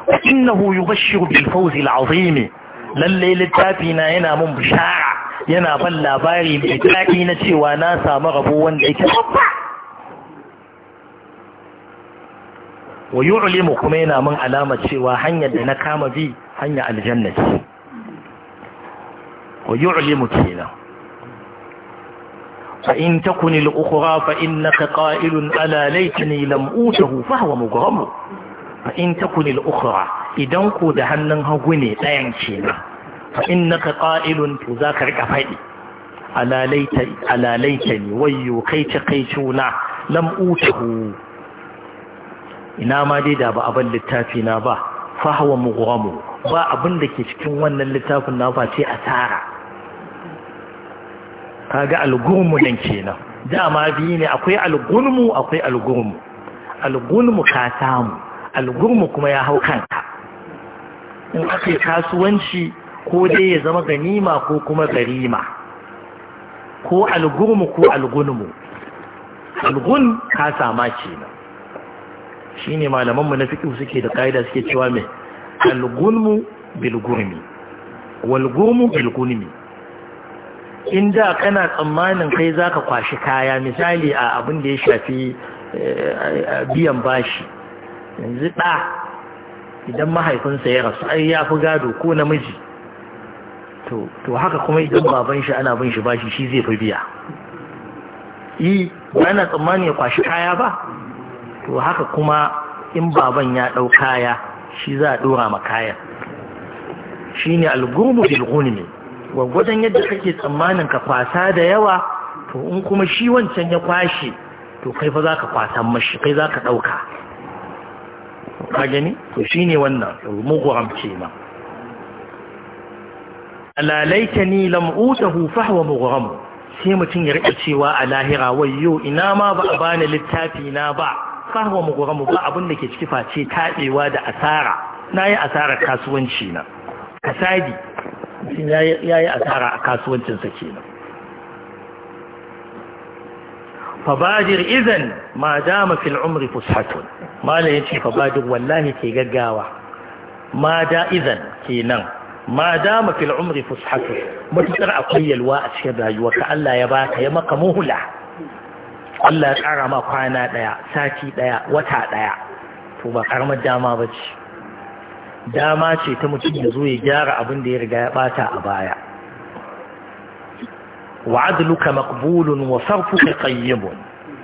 wa innahu yubashshiru bil fawz al azim lalle littafi na yana mun bishara yana ban labari mai daɗi na cewa na samu rabo wanda yake babba wa yu'limu kuma yana mun alama cewa hanyar da na kama bi hanya aljanna ce wa yu'limu kenan فإن تكن الأخرى فإنك قائل ألا ليتني لم أوته فهو مغرم فإن تكن الأخرى إذن قد هنن هغني تينكينا فإنك قائل تذاكر كفائي ألا, ليت ألا ليتني ويو كيت قيتونا لم أوته ina ma dai da ba abin littafi na ba fahawa mughamu ba abin da ke cikin wannan littafin na face asara Ka ga algurmu nan kenan dama biyu ne akwai algurmu akwai algurmu algurmu ka samu algurmu kuma ya hau kanka in aka kasuwanci ko dai ya zama ganima ko kuma garima ko algurmu ko algunmu, algun ka sama kenan shine mu na fiki suke da kaida suke cewa me algurmu bilgurmi walgurmu bilgurmi in da kana tsammanin kai zaka kwashi kaya misali a abin da ya shafi eh, biyan bashi yanzu ɗa idan mahaifinsa ya rasu ai ya fi gado ko namiji to haka kuma idan baban shi ana bin shi bashi shi zai fi biya yi ba na tsammanin ya kwashi kaya ba to haka kuma in baban ya ɗau kaya shi za a ɗora ma kayan shi ne algurmu ne. gwaggwadon yadda kake tsammanin ka kwasa da yawa to in kuma shi wancan ya kwashe to kai fa za ka kwasan mashi kai za ka ɗauka ka gani to shi ne wannan muguram ce ma alalaita ni lam'utahu fahwa muguram sai mutum ya riƙa cewa a lahira wayyo ina ma ba a bani littafi na ba fahwa muguram ba abin da ke ciki face taɓewa da asara na yi asarar kasuwanci na kasadi mutum ya yi asara a kasuwancinsa ke nan fabadir izan ma dama fil umri fushatun malam ya ce fabadir wallahi ke gaggawa ma da izan ke nan ma dama fil umri fushatun matuƙar akwai yalwa a cikin rayuwa ka Allah ya baka ya maka muhula Allah ya ƙara ma kwana ɗaya sati ɗaya wata ɗaya to ba karamar dama ba ce dama ce ta mutum ya zo ya gyara abin da ya riga ya bata a baya wa'adluka maqbulun wa sarfuka qayyibun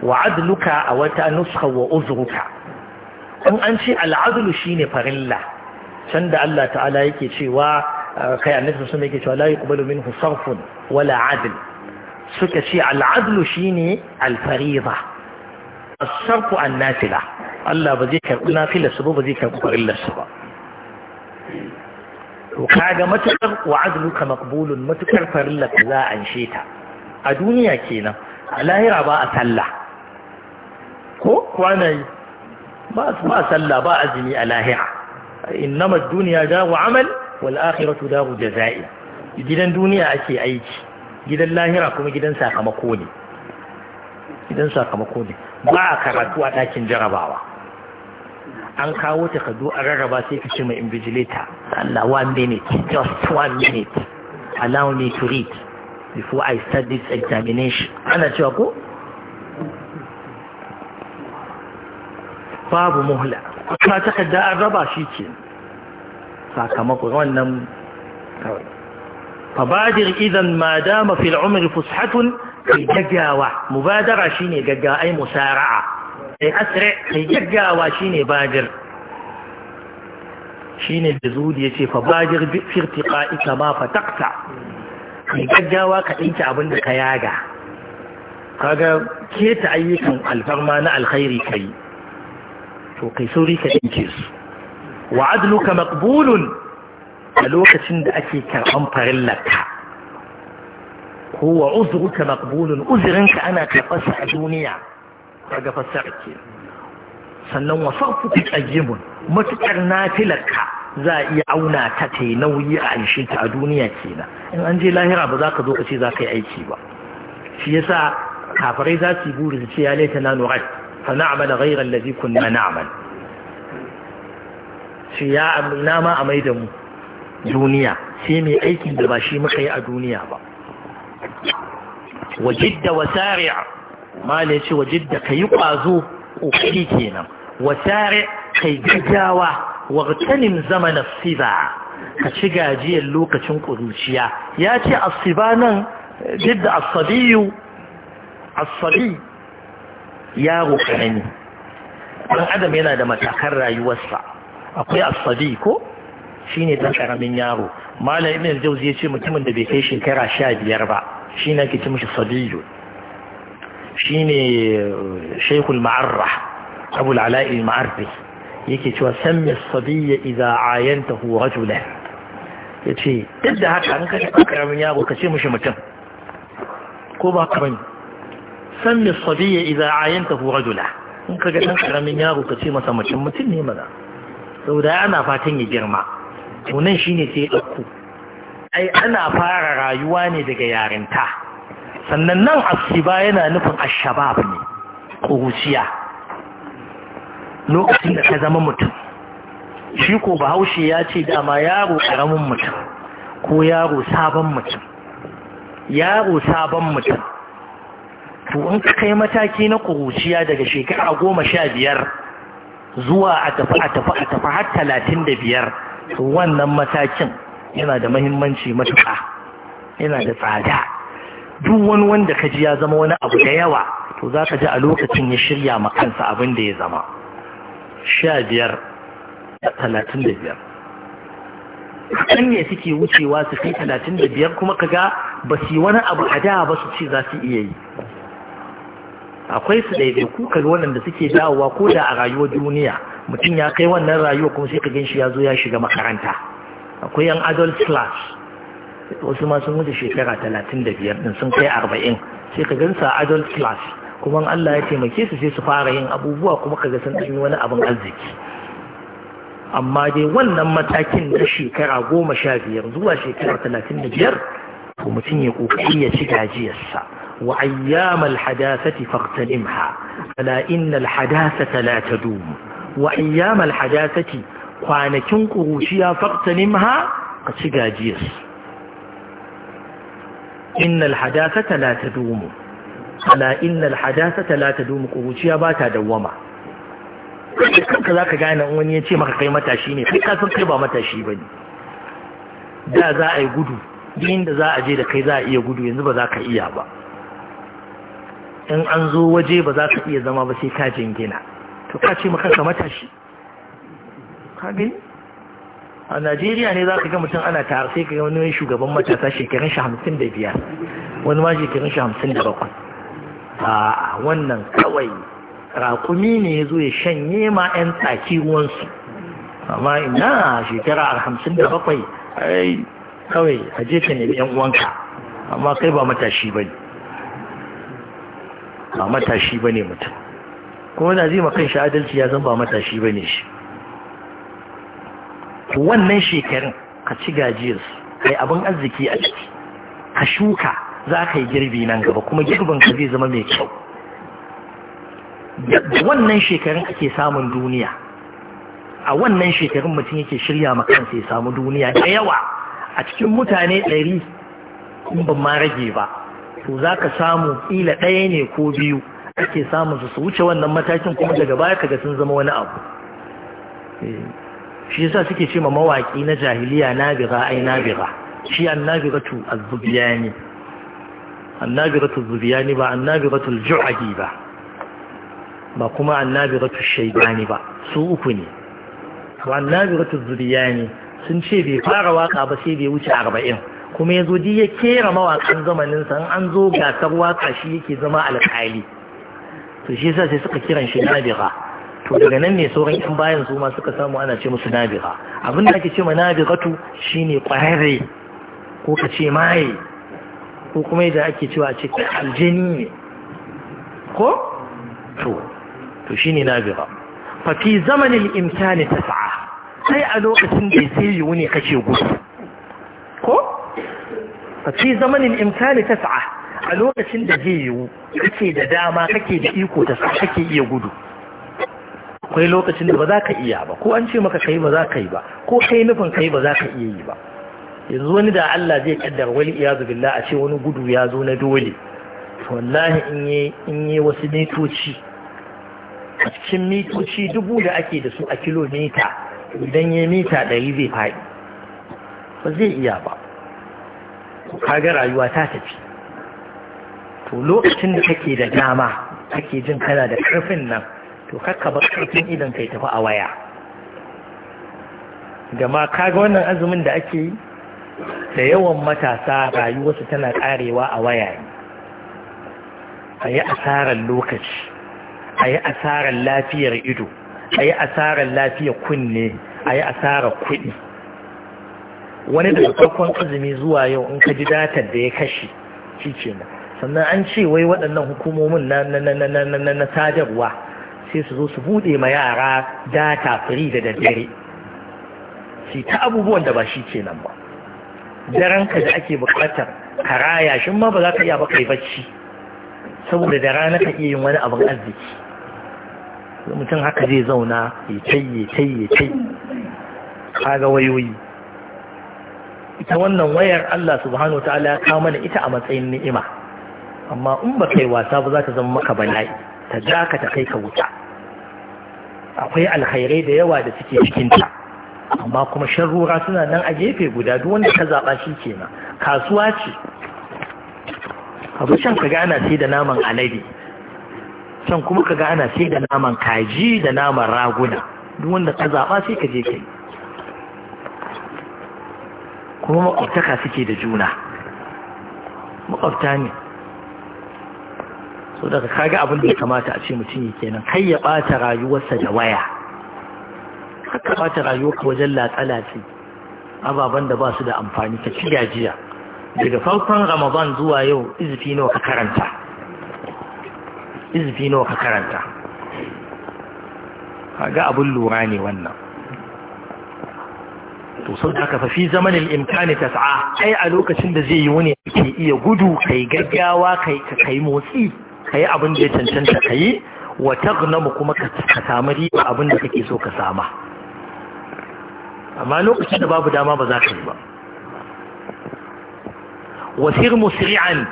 wa'adluka a wata nuskha wa uzruka in an ce al'adlu shine farilla can da Allah ta'ala yake cewa kai annabi sun yake cewa la yuqbalu minhu sarfun wala adl suka ce al'adlu shine al-fariḍa as-sarfu an-nafila Allah ba zai karbi nafila su ba zai karbi farillar su ba to kaga matukar wa azluka maqbulun matukar farilla za a anshe ta a duniya kenan a lahira ba a sallah ko kwana ba ba sallah ba azumi a lahira innama ad-dunya daru amal wal akhiratu daru jazaa'i gidan duniya ake aiki gidan lahira kuma gidan sakamako ne gidan sakamako ne ba a karatu a ɗakin jarabawa an kawo takardu a rarraba sai ka ce mai invigilator Allah one minute just one minute allow me to read before I start this examination ana cewa ko babu muhla ta takarda an raba shi ce sakamakon wannan kawai fabadir idan ma dama fil umri fushatun kai gaggawa mubadara shine gaggawa ai musara'a mai asre mai gaggawa shine bajir shine da zudi ya ce fa bajir bi ita ma fatakta mai gaggawa ka ɗinki abin da ka yaga kaga keta ayyukan alfarma na alkhairi yi, to kai sauri ka ɗinke su wa adluka maqbulun a lokacin da ake karɓan farillarka ko wa uzuruka maqbulun uzurinka ana karɓarsa a duniya sannan wa sarfuka qayyimun matukar nafilarka za a iya auna ta ta nauyi a aishe ta a duniya kenan in an je lahira ba za ka zo ka ce za ka yi aiki ba shi yasa kafirai za su yi burin ce ya laita na nurat fa na'amal ghayra allazi kunna na'amal shi ya amina ma a mai da mu duniya sai mai aikin da ba shi muka yi a duniya ba wajidda wasari'a mala ya ce wa da ka yi ƙwazo ƙoƙari kenan wa kai ka yi gaggawa wa siba ka ci gajiyar lokacin ƙuruciya ya ce asiba nan jidda asabiyu asabi yaro ƙarami ɗan adam yana da matakan rayuwarsa akwai asabi ko shine ɗan ƙaramin yaro malam ibn al ya ce mutumin da bai kai shekara sha biyar ba shine na ke mishi sabiyu shine eh, shaykhul ma'arrah abu al-ala'i al-ma'arri yake cewa sammi as-sabiyya idza ayantahu rajulan yace duk da haka an kace karamin yaro ka ce mishi mutum ko ba ka bane sammi as-sabiyya idza ayantahu rajula in kaga dan karamin yaro ka ce masa mutum mutum ne maza saboda ana fatan ya girma to nan shine sai ya ai ana fara rayuwa ne daga yarinta sannan nan asiba yana nufin ashabab ne ƙuruciya lokacin da ka zama mutum shi ko bahaushe ya ce dama yaro ƙaramin mutum ko yaro sabon mutum yaro sabon mutum to in ka kai mataki na ƙuruciya daga shekara goma sha biyar zuwa a tafi a tafi a tafi har talatin da biyar wannan matakin yana da mahimmanci matuƙa yana da tsada duk wani wanda ka ji ya zama wani abu da yawa to za ka ji a lokacin ya shirya ma kansa abin da ya zama sha biyar da talatin da biyar kan ne suke wucewa su kai talatin da biyar kuma ka ga ba su yi wani abu a da ba su ce za su iya yi akwai su ɗaiɗai ku kaga waɗanda suke dawowa ko da a rayuwar duniya mutum ya kai wannan rayuwa kuma sai ka gan shi ya zo ya shiga makaranta akwai yan adult class wasu ma sun wuce shekara talatin da biyar din sun kai arba'in sai ka gansa adult class kuma Allah ya taimake su sai su fara yin abubuwa kuma ka ga sun ɗanyi wani abin arziki amma dai wannan matakin na shekara goma sha biyar zuwa shekara talatin da biyar to mutum ya kokari ya ci gajiyarsa wa ayyamal hadasati faqtalimha ala innal hadasata la tadum wa ayyamal hadasati kwanakin kuruciya faqtalimha ka ci gajiyarsa innal hadasata la tadumu ala innal hadasata la kuruciya ba ta dawwama kanka zaka gane wani ya ce maka kai matashi ne kai ka kai ba matashi bane da za a yi gudu inda za a je da kai za a iya gudu yanzu ba za ka iya ba in an zo waje ba za ka iya zama ba sai ka jingina to ka ce maka matashi a najeriya ne za ka ga mutum ana tare sai ka ga wani shugaban matasa shekarun shi hamsin da biyar wani ma shekarun shi hamsin da bakwai a wannan kawai rakumi ne ya zo ya shanye ma 'yan tsaki ruwansu amma ina shekara hamsin da bakwai kawai a je ka nemi 'yan uwanka amma kai ba matashi ba ne ba matashi ba ne mutum kuma na zima kan shi adalci ya zan ba matashi ba ne shi wannan shekarun ka ci gajiyarsu kai abin arziki a ciki ka shuka za ka yi girbi nan gaba kuma girbin ka zai zama mai kyau da wannan shekarun ake samun duniya a wannan shekarun mutum yake shirya ma ya samu duniya da yawa a cikin mutane ɗari in ban ma rage ba to za ka samu ƙila ɗaya ne ko biyu ake samun su su wuce wannan matakin kuma daga baya kaga sun zama wani abu eh. shi yasa suke ce ma mawaki na jahiliya nabira ai nabira shi annabiratu az-zubiyani annabiratu az-zubiyani ba annabiratu al-ju'adi ba ba kuma annabiratu shaybani ba su uku ne to annabiratu az-zubiyani sun ce bai fara waka ba sai bai wuce 40 kuma yazo di ya kera mawakan zamanin sa an zo gasar waka shi yake zama alƙali to shi yasa sai suka kiran shi nabira to daga nan ne sauran yan bayan su ma suka samu ana ce musu nabira abinda ake ce ma nabiratu shine kwararre ko ka ce maye ko kuma yadda ake cewa ce aljini ne ko to to shine nabira fa fi zamanin ta sa'a, sai a lokacin da sai yiwu ne kake gudu ko fa fi zamanin ta sa'a, a lokacin da zai yiwu kake da dama kake da iko ta sa kake iya gudu akwai lokacin da ba za ka iya ba ko an ce maka kai ba za ka yi ba ko kai nufin kai ba za ka iya yi ba yanzu wani da Allah zai kaddara wani iyazu zubilla a ce wani gudu ya zo na dole wallahi in yi wasu mitoci a cikin mitoci dubu da ake da su a kilomita idan ya mita ɗari zai faɗi ba zai iya ba kaga rayuwa ta tafi to lokacin da kake da dama kake jin kana da ƙarfin nan to kakka ba karfin idan kai tafi a waya gama kaga wannan azumin da ake yi da yawan matasa rayuwarsu tana karewa a waya ne a yi asarar lokaci a yi asarar lafiyar ido a yi asarar lafiyar kunne a yi asarar kuɗi wani daga farkon azumi zuwa yau in ka ji datar da ya kashe shi ce sannan an ce wai waɗannan hukumomin na sadarwa sai su zo su buɗe ma yara data free da daddare sai ta abubuwan da ba shi ke nan ba daren ka da ake buƙatar karaya shi ma ba za ka iya ba kai bacci saboda da rana ka iya yin wani abin arziki mutum haka zai zauna ya kai ya kai ya kai kaga wayoyi ita wannan wayar Allah subhanahu ta'ala ya kawo mana ita a matsayin ni'ima amma in ba kai wasa ba za ta zama maka bala'i ta ja ka ta kai ka wuta akwai alkhairai da yawa da suke cikinta amma kuma sharrura suna nan a gefe guda duk wanda ka zaɓa shi nan. kasuwa ce abu can ka gana sai da naman alade can kuma ka gana sai da naman kaji da naman raguna duk wanda ka zaɓa sai ka je kai kuma makwabtaka suke da juna makwabta ne so daga ga abin da ya kamata a ce mutum ya kenan kai ya ɓata rayuwarsa da waya haka ɓata rayuwarka wajen latsalatsi ababen da ba su da amfani ka ci gajiya daga farkon ramadan zuwa yau izifi nawa ka karanta izifi nawa ka karanta kaga abin lura ne wannan to da haka fa fi zamanin imkani sa'a. ai a lokacin da zai yi wani ke iya gudu kai gaggawa kai kai motsi ka yi abin da ya cancanta ka yi wa tagnamu kuma ka samu riba abin da kake so ka sama amma lokacin da babu dama ba za ka yi ba wasir musri'an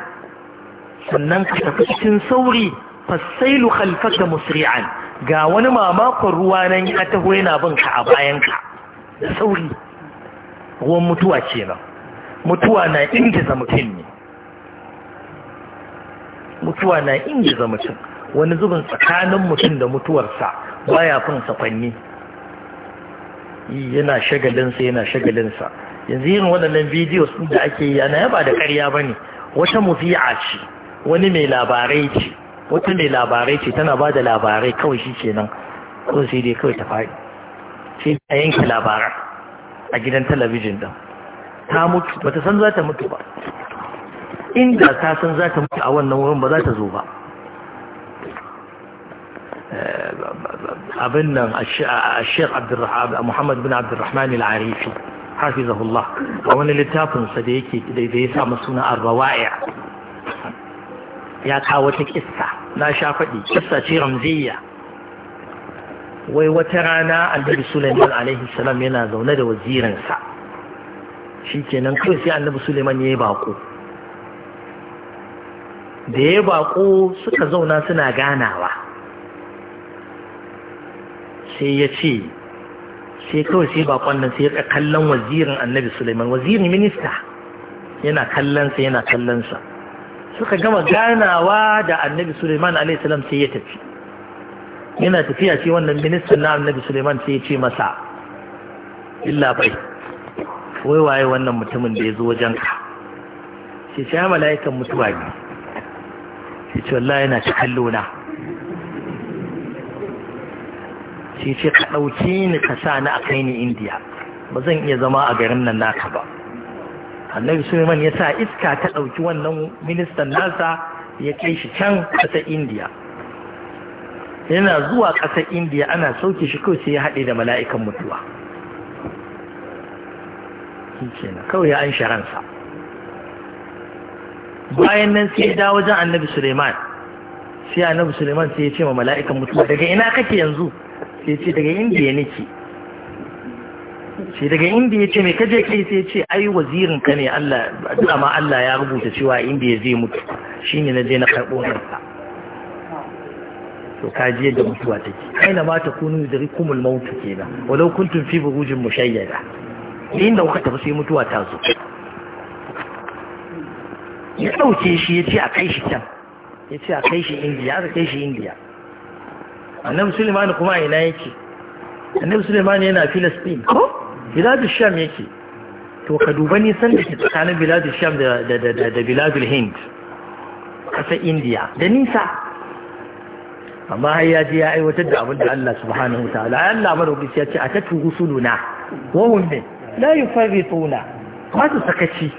sannan ka tafi cikin sauri fasailu da musri'an ga wani mamakon ruwa nan ya taho yana bin ka a bayanka. ka da sauri ruwan mutuwa ce ba mutuwa na ingiza mutum ne mutuwa na ingiza mutum wani zubin tsakanin mutum da mutuwarsa baya fin safanni yana shagalinsa yana shagalinsa yanzu yin waɗannan bidiyo sun da ake yi ana yaba da ƙarya ba ne wata mufiya ce wani mai labarai ce wata mai labarai ce tana ba da labarai kawai shi ke nan ko sai dai kawai ta faɗi sai a yanke labaran a gidan talabijin ɗin ta mutu ba ta san za ta mutu ba inda ka san za ta mutu a wannan wurin ba za ta zo ba eh, abin nan a sheik muhammad bin abdurrahman al-arifi hafizahullah a wani littafinsa da yake da ya sa suna arrawa'i ya kawo wata kissa na sha faɗi kissa ce ramziya wai wata rana annabi suleiman alaihi salam yana zaune da wazirinsa shi kenan kawai sai annabi suleiman ya yi bako da ya baƙo suka zauna suna ganawa sai ya ce sai kawai sai baƙon nan sai ya kallon wazirin annabi suleiman wazirin minista yana kallonsa yana kallonsa suka gama ganawa da annabi suleiman alaihissalam sai ya tafi yana tafiya ce wannan ministan na annabi suleiman sai ya ce masa illa bai wai waye wannan mutumin da ya zo wajenka sai sai mala'ikan mutuwa ne. ce Allah yana ta kallo na sai ce ka ɗauki ni ka sa ni a kai ni indiya ba zan iya zama a garin nan naka ba annabi suleiman ya sa iska ta ɗauki wannan ministan nasa ya kai shi can ƙasar indiya yana zuwa ƙasar indiya ana sauke shi kawai sai ya haɗe da mala'ikan mutuwa kawai ya an sharansa bayan nan sai da dawo jan annabi Suleiman sai annabi Suleiman sai ya ce ma mala'ikan mutuwa daga ina kake yanzu sai ya ce daga ya nake sai daga inda ya ce mai kaje kai sai ce ai wazirin ka ne Allah ma Allah ya rubuta cewa inda ya zai mutu shine na je na karɓo ransa to ka je da mutuwa take aina ma ta kunu da rikumul maut kenan walau kuntum fi burujin mushayyada inda kuka tafi sai mutuwa ta zo ya ɗauke shi ya ce a kai shi can ya ce a kai shi indiya aka kai shi indiya annabi suleiman kuma ina yake annabi suleiman yana filistin ko biladu sham yake to ka duba nisan da ke tsakanin biladu sham da biladu hind ƙasar indiya da nisa amma har ya je ya aiwatar da abin da Allah subhanahu ta'ala ya Allah madaukaki ya ce a tatu rusuluna wa hum la yufarrituna ba su sakaci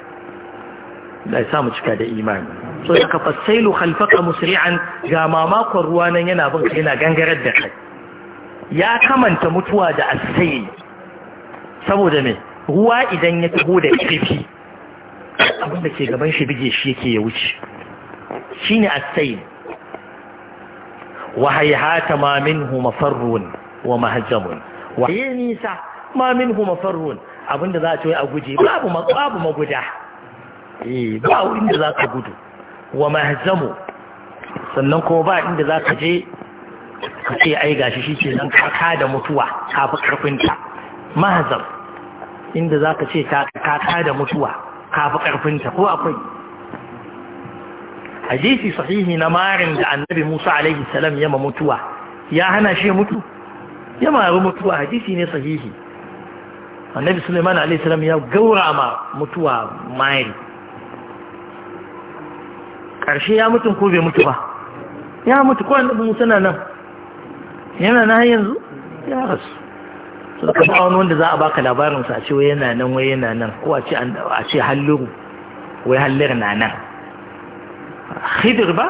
da ya samu cika da imani so daga fasailu khalfaka musri'an ga mamakon ruwa nan yana bin yana gangarar da kai ya kamanta mutuwa da asayi saboda me ruwa idan ya taho da kifi abin da ke gaban shi bige shi yake ya wuce shine asayi wa hayhata ma minhu mafarrun wa mahjamun wa nisa ma minhu mafarrun abinda za a ce a guje babu babu maguda ba eh, ba inda za ka gudu wa mahazamu sannan kuma ba inda za ka je ka ce ai gashi shi ce nan kaka da mutuwa kafin fi ƙarfinta mahazam inda za ka ce kaka da mutuwa ka fi ƙarfinta ko akwai hadisi sahihi na marin da annabi musa alaihi salam yama mutuwa ya hana shi mutu ya maru mutuwa hadisi ne sahihi annabi suleiman alaihi salam ya gaura ma mutuwa mari ƙarshe ya mutu ko bai mutu ba ya mutu ko annabi musa na nan yana na yanzu ya rasu su ka ba wani wanda za a baka labarin sa ce wai yana nan wai yana nan ko a ce a ce halluru wai hallir na nan khidir ba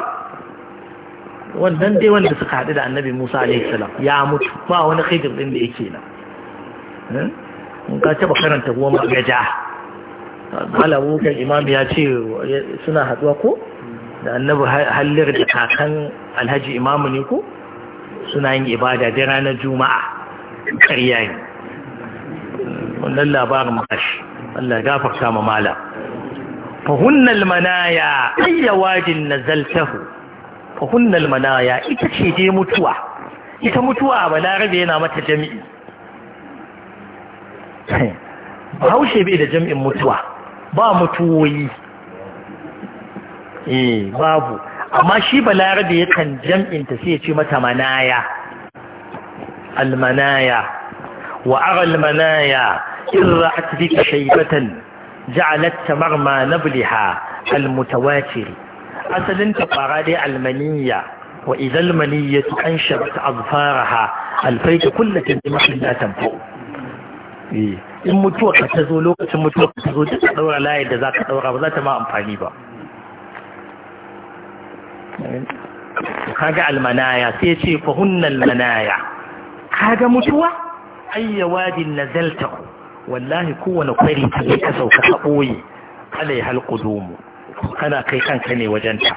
wannan dai wanda suka haɗu da annabi musa alaihi salam ya mutu ba wani khidir din da yake nan hmm? in ka taɓa karanta goma gaja malamu kan imam ya ce suna haɗuwa ko da annabu hallir da kakan alhaji imamu ne ko suna yin ibada da ranar juma'a ƙarya ne wannan labarin mashi Allah gafarta ma mala fahunnal manaya ayya wajin nazaltahu fahunnal manaya ita ce dai mutuwa ita mutuwa a balarabe yana mata jami'i Bahaushe bai da jami'in mutuwa ba mutuwoyi eh babu amma shi balarabe yakan jam'inta sai ya ce mata manaya almanaya wa aral manaya irra'at bika shaybatan ja'alat tamarma nabliha almutawatir asalin ta fara dai almaniya wa idal maniyatu anshabat azfaraha alfaita kullatin bimahin la tanfu eh, in mutuwa ka ta zo lokacin mutuwa ka ta zo duk daura layin da za ka daura ba za ta ma amfani ba kaga almanaya sai ce fa hunnal manaya kaga mutuwa ayya wadin nazalta wallahi kowane kwari ta ka sauka ka boye alai hal qudumu kana kai kanka ne wajen ta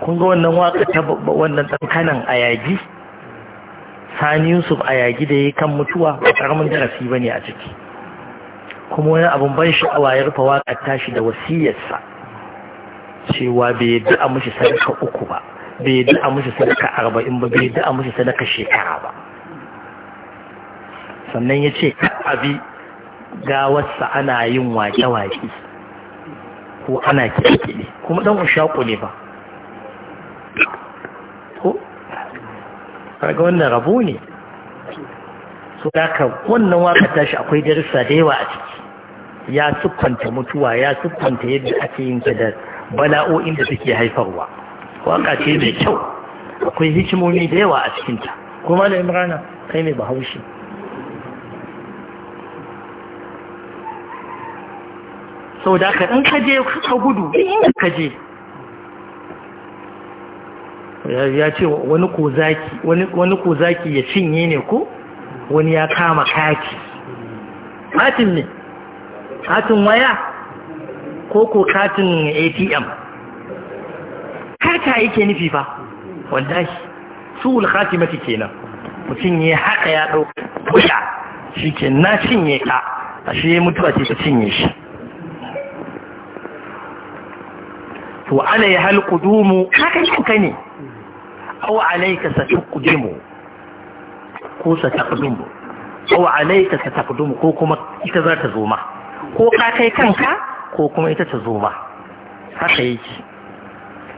kun ga wannan waka ta wannan tsankanan ayagi sani yusuf ayagi da ya kan mutuwa ba karamin darasi bane a ciki kuma wani abin ban sha'awa ya rufe waƙar tashi da wasiyarsa cewa bai yadda a mushi sadaka uku ba bai yadda a mushi sadaka arba'in ba bai yadda a mushi sadaka shekara ba sannan ya ce abi gawarsa ana yin wake-wake ko ana kiɗe kuma ɗan ushaƙo ne ba ko ga wannan rabo ne so da wannan waƙa tashi akwai darussa da yawa a ciki ya sukkanta mutuwa ya sukkanta yadda ake yin ta da bala'o'in da suke haifarwa waka ce mai kyau akwai hikimomi da yawa a cikinta kuma da imrana kai ne bahaushe sau da ka ɗan kaje ka gudu inda kaje ya ce wani ko zaki ya cinye ne ko wani ya kama kaki matin ne katin waya ko ko katin atm harka yake nufi fa wallahi su'ul khatimati kenan mutum ya haka ya ɗau kusa shi ke na cinye ka ashe mutu ce ta cinye shi to alai hal qudumu haka kuka ne aw alayka sataqdimu ko sa sataqdimu aw alayka sataqdimu ko kuma ita za ta zo ma ko ka kai kanka ko kuma ita ta zo ba haka yake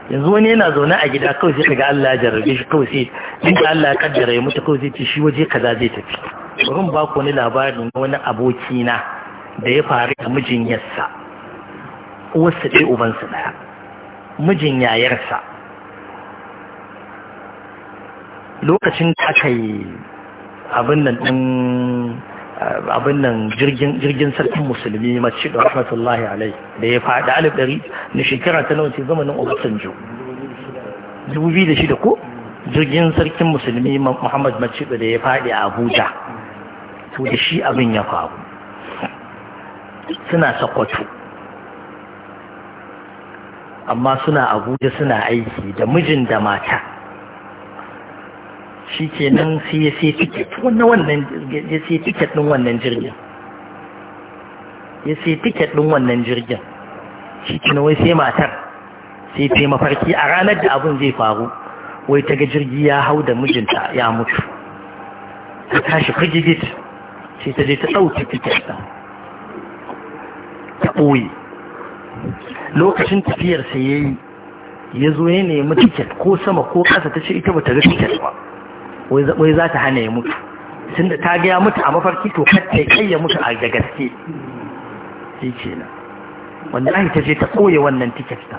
yanzu wani yana zaune a gida kawai sai ga Allah ya shi kawai sai inda Allah ya kaddara ya mutu kawai zai ce shi waje kaza zai tafi bari ba ku wani labarin wani aboki na da ya faru da mijin yarsa uwarsa ɗaya ubansa ɗaya mijin yayarsa lokacin da aka yi abin nan ɗin abin nan jirgin sarkin musulmi mace da rahmatullahi alai da ya faɗi alif ɗari na shekara ta nawa ce zamanin obasanjo dubu biyu da shida ko jirgin sarkin musulmi muhammad mace da ya faɗi a abuja to da shi abin ya faru suna Sokoto amma suna abuja suna aiki da mijin da mata shi ke nan sai ya sai tiket wannan wannan ya sai tiket ɗin wannan jirgin ya sai tiket ɗin wannan jirgin shi ke wai sai matar sai ta mafarki a ranar da abin zai faru wai ta ga jirgi ya hau da mijinta ya mutu ta tashi firgigit sai ta je ta ɗauki tiket ɗin ta ɓoye lokacin tafiyar sai ya yi ya zo ya nemi tiket ko sama ko ƙasa ta ce ita ba ta ga tiket ba wai za ta hana ya mutu sun da ta gaya mutu a mafarki to kar kai ya mutu a da gaske shi wanda ake ta ce ta wannan tiket ta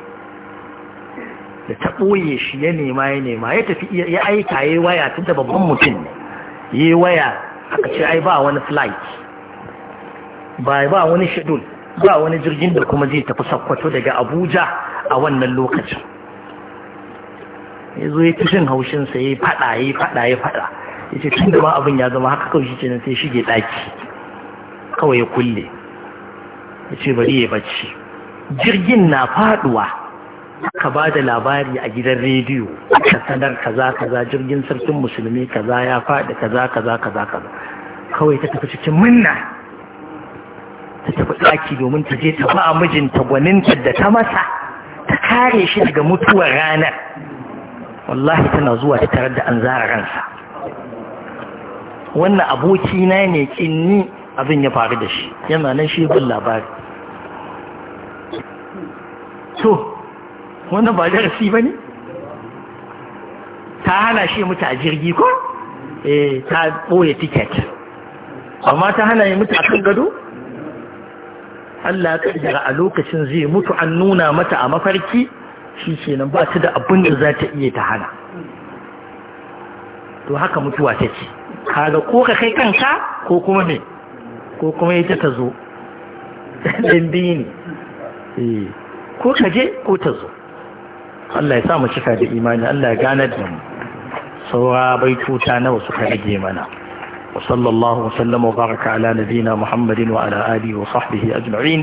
da ta ɓoye shi ya nema ya nema ya tafi ya aika ya waya tun da babban mutum ne ya waya aka ce ai ba wani flight ba ba wani shedul ba wani jirgin da kuma zai tafi sakkwato daga abuja a wannan lokacin ya zo ya ci jin haushinsa ya yi faɗa ya yi faɗa ya faɗa ya ce tun da ma abin ya zama haka kawai shi ce sai shige ɗaki kawai ya kulle ya ce bari ya bacci jirgin na faɗuwa aka ba da labari a gidan rediyo aka sanar kaza kaza jirgin sarkin musulmi kaza ya faɗi kaza kaza kaza kaza kawai ta tafi cikin munna ta tafi ɗaki domin ta je ta ba mijinta gwaninta da ta masa ta kare shi daga mutuwar ranar wallahi tana zuwa ta tarar da an zara ransa wannan aboki na ne kinni abin ya faru da shi yana nan shi bin labari to wannan ba darasi ba ne ta hana shi mutu a jirgi ko eh ta ɓoye tiket amma ta hana ya mutu a kan gado Allah ya ƙaddara a lokacin zai mutu an nuna mata a mafarki shi kenan ba ta da abin da za ta iya ta hana to haka mutuwa ta ce kaga ko ka kai kanka ko kuma me ko kuma ita ta zo ɗan biyu ne eh, ko ka je ko ta zo Allah ya sa mu cika da imani Allah ya ganar da mu saura bai tuta nawa suka rage mana wa sallallahu wa wa baraka ala nabina muhammadin wa ala alihi wa sahbihi ajma'in